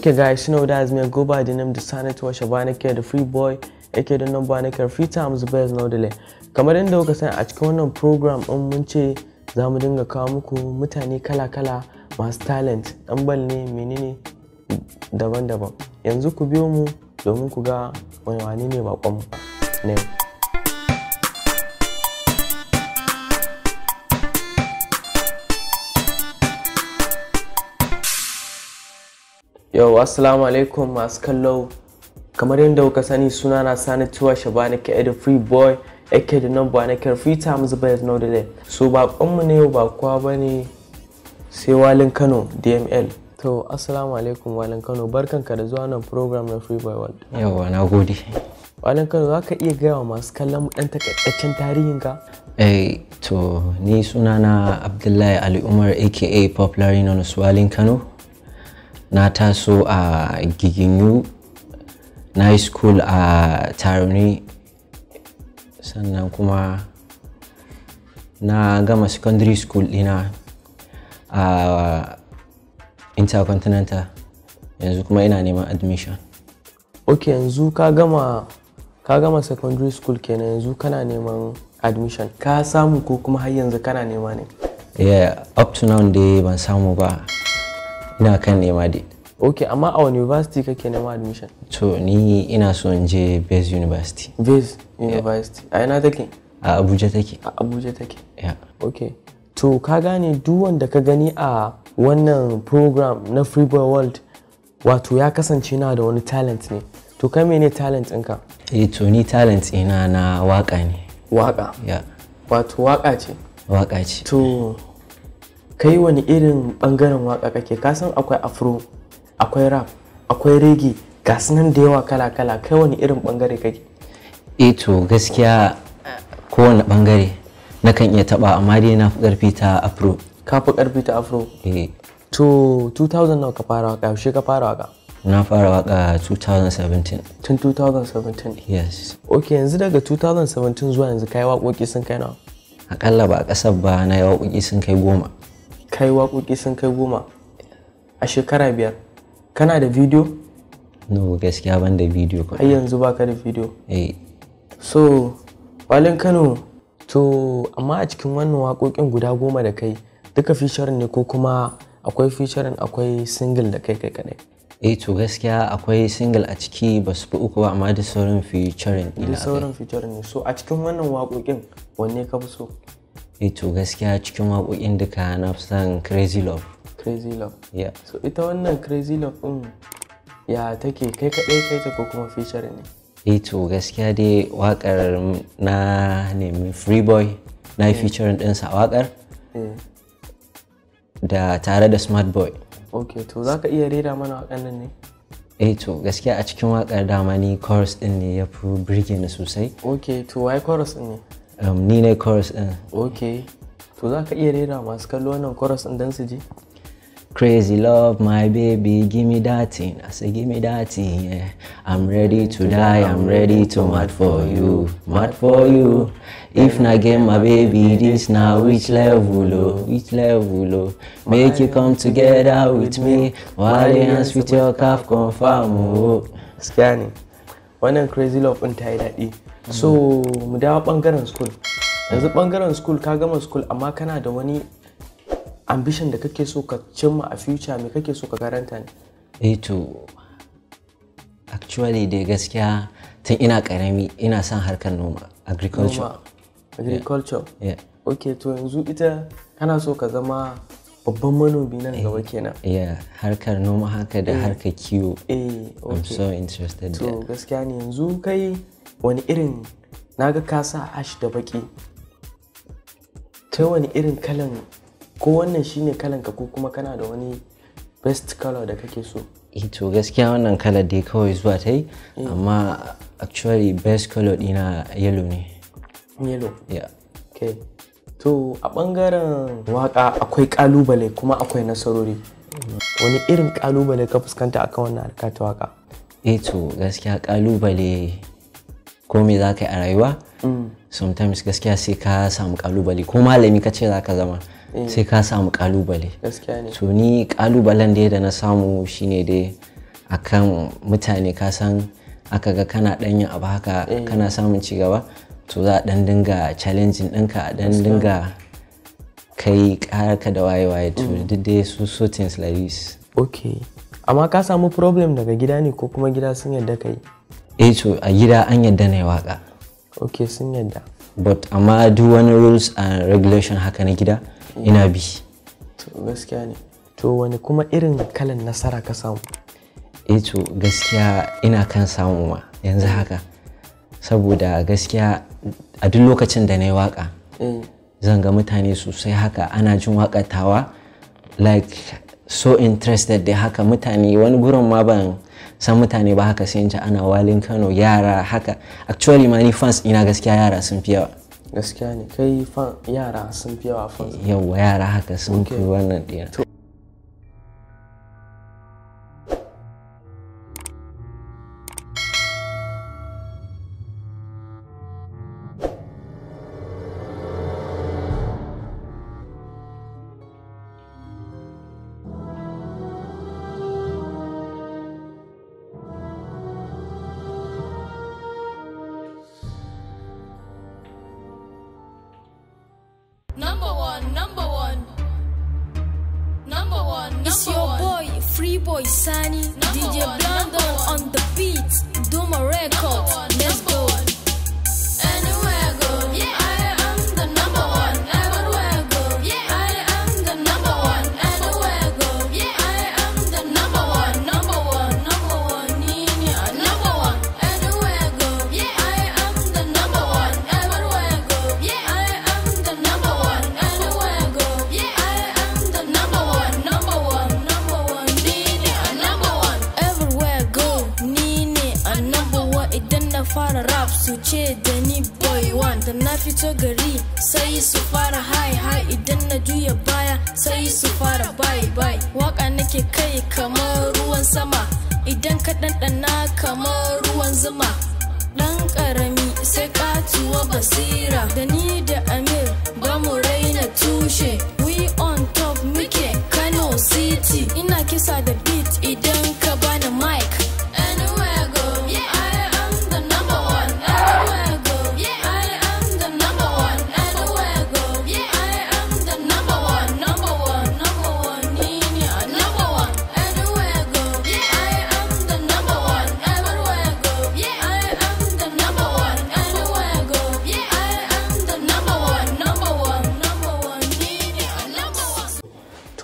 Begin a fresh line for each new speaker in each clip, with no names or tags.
Okay guys, you know that's me. I go by the name the Sanit Washer Banneker, the Free Boy, aka the number Banneker. Free time is best now delay. Kamar yadda kuka san a cikin wannan program din mun ce za mu dinga kawo muku mutane kala-kala masu talent, ɗan bal ne, menene daban-daban. Yanzu ku biyo mu domin ku ga wani wane ne bakon mu. yau assalamu alaikum masu kallo kamar yadda kuka sani suna na sani tuwa shabani ka da free boy ake da nan ba na kyar free time zuba is not there so bakonmu ne yau ba kowa ba ne sai walin kano dml to assalamu alaikum walin kano ka da zuwa nan program na free boy world
yawa na gode
walin kano za ka iya gaya wa masu kallon mu dan takaitaccen tarihin ka
eh to ni suna na abdullahi ali umar aka popular known as walin kano na taso a giginyu na yi school a taroni sannan kuma na gama secondary school dina a intercontinental yanzu kuma ina neman admission
ok yanzu ka gama ka gama secondary school kenan yanzu kana neman admission ka samu ko kuma har yanzu kana nema ne
yeah up to now dai ban samu ba ina kan nema dai
ok amma a wani university kake nema admission to ni
ina so in je bez university bez
university
a ina take a abuja take a
abuja take ya ok to ka gane duk wanda ka gani a wannan program na freeboy world wato ya kasance na da wani talent ne to kai mene talent ɗinka?
eh to ni talent ina na waka ne
waka ya wato waka ce waka ce to kai wani irin bangaren waka kake kasan akwai afro akwai rap akwai reggae, ga nan da yawa kala kala kai wani irin bangare kake
eto eh to gaskiya kowane bangare nakan iya taba amma dai na fi karfi ta afro
ka fi karfi ta afro eh to 2000 nawa ka fara waka yaushe ka fara waka
na fara waka 2017
tun 2017 yes ok yanzu daga 2017 zuwa yanzu kai waƙoƙi sun kai nawa
akalla ba a ƙasar ba na yi waƙoƙi sun kai goma
kai waƙoƙi sun kai goma a shekara biyar kana da bidiyo?
no gaskiya ban da bidiyo har
yanzu baka da bidiyo eh so walin kano to amma a cikin wannan waƙoƙin guda goma da kai duka featuring ne ko kuma akwai featuring akwai single da kai kai kadai
eh to gaskiya akwai single a ciki ba su uku ba amma da sauran featuring ina da sauran
featuring ne so a cikin wannan waƙoƙin wanne ka fi so
eh to gaskiya cikin waƙoƙin da ka na san son crazy love crazy love yeah
so ita wannan crazy love din ya take kai kaɗai kai ta ko kuma feature ne
eh to gaskiya dai waƙar na nemi free boy na yi eh. featuring ɗinsa a waƙar eh. da tare da smart boy
ok to za ka iya rera mana waƙar nan ne
eh to gaskiya a cikin waƙar dama ni chorus ɗin ne ya fi birge ni sosai
ok to why chorus ne
Um, ni ne chorus din
ok to za ka iya rera masu kallo wannan chorus din don su ji
Crazy love, my baby, give me that thing. I say, give me that thing, yeah. I'm ready to die, I'm ready to mad for you, mad for you. If na get my baby, this na which level, oh, which level, oh. Make you come together
with me, while you dance with your calf confirm, oh. Scanning, wannan crazy love ɗin ta yi daɗi. so mu dawo bangaren school yanzu bangaren school ka gama school amma kana da wani ambition da kake so ka cimma a future me kake so ka karanta ne
eh to actually dai gaskiya tun ina karami ina son harkar noma agriculture noma.
agriculture yeah. okay to yanzu ita kana so ka zama babban manomi nan gaba eh, kenan
yeah harkar noma haka da eh. harkar kiwo eh okay. i'm so interested to
gaskiya ne yanzu kai wani irin naga ka sa ash da baki ta wani irin kalan ko wannan shine kalan ka ko kuma kana da wani best color da kake so
eh to gaskiya wannan kalar dai kawai zuwa ta yi eh. amma actually best color dina yellow ne yellow yeah
okay to a bangaren waka akwai kalubale kuma akwai nasarori wani irin kalubale ka fuskanta akan wannan harka ta waka
eh to gaskiya kalubale ko me za ka yi a rayuwa sometimes gaskiya sai ka samu kalubale ko malami ka ce za ka zama eh. sai ka samu kalubale to ni kalubalen da ya na samu shine dai akan mutane ka san aka ga kana ɗanyin abu haka eh. kana samun cigaba to za a ɗan dinga challenging ɗinka a dan dinga kai ka da waye-waye to mm. duk dai su so things like this. ok
amma ka samu problem daga gida ne ko kuma gida sun yadda kai
eh to a gida an yadda na yi waka
ok sun yadda
but amma duk wani rules and regulation haka na gida
ina bi to gaskiya ne to wani kuma irin kalan nasara ka samu
eh to gaskiya ina kan samu ma yanzu haka saboda gaskiya a duk lokacin da na yi waka eh. zan ga mutane sosai haka ana jin wakatawa like so interested da haka mutane wani gurin ma ban san mutane ba haka sai ana walin kano yara haka actually ma ni fans ina gaskiya yara sun fi yawa
gaskiya ne kai yara sun fi yawa fans
yawa yara haka sun fi wannan dina
Number one, number one. Number one, number It's your one. boy,
Free Boy Sunny, number DJ Blondon on the beat, Duma Records. na fara rap su ce da ni boy one da na fito gari sai su fara hi hi idan na juya baya sai su fara bye bye waka nake kai kamar ruwan sama idan ka ɗanɗana kamar ruwan zuma ɗan ƙarami sai ƙatuwa basira da ni da ami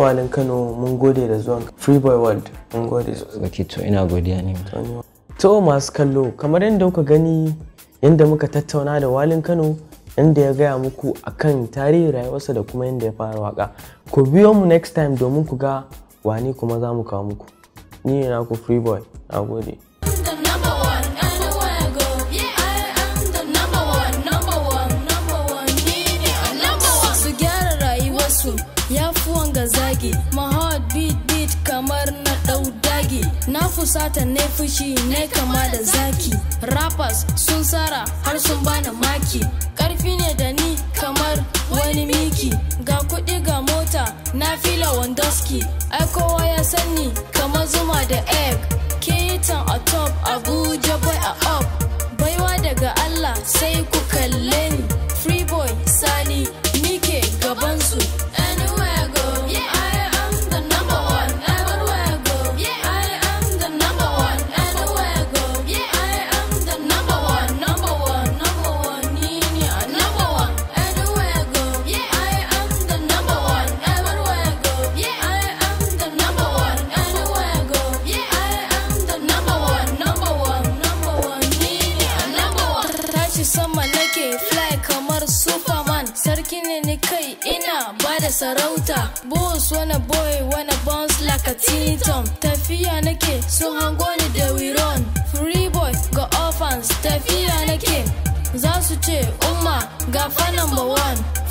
wawalin kano mun gode da zuwan freeboy world mun gode sosai to ina godiya ne to masu kallo kamar yadda kuka gani yadda muka tattauna da walin kano yadda ya gaya muku akan tarihin rayuwarsa da kuma yadda ya fara waka ku biyo mu next time domin ku ga wani kuma za mu kawo muku ni ku free freeboy na gode
ya fi wanga zagi ma heart beat beat kamar na dau dagi na fusata ne fushi ne kama da zaki rappers sun sara har sun bani maki karfi ne da ni kamar wani miki ga kudi ga mota na fila wandoski ai kowa ya sani kamar zuma da egg keyitan a top abuja boy a up baiwa daga allah sai ku sarauta boss wanna boy wanna bounce like a teen tom tafiya nake sun hango ni da run free boy ga offense tafiya nake za su ce umma gafa number one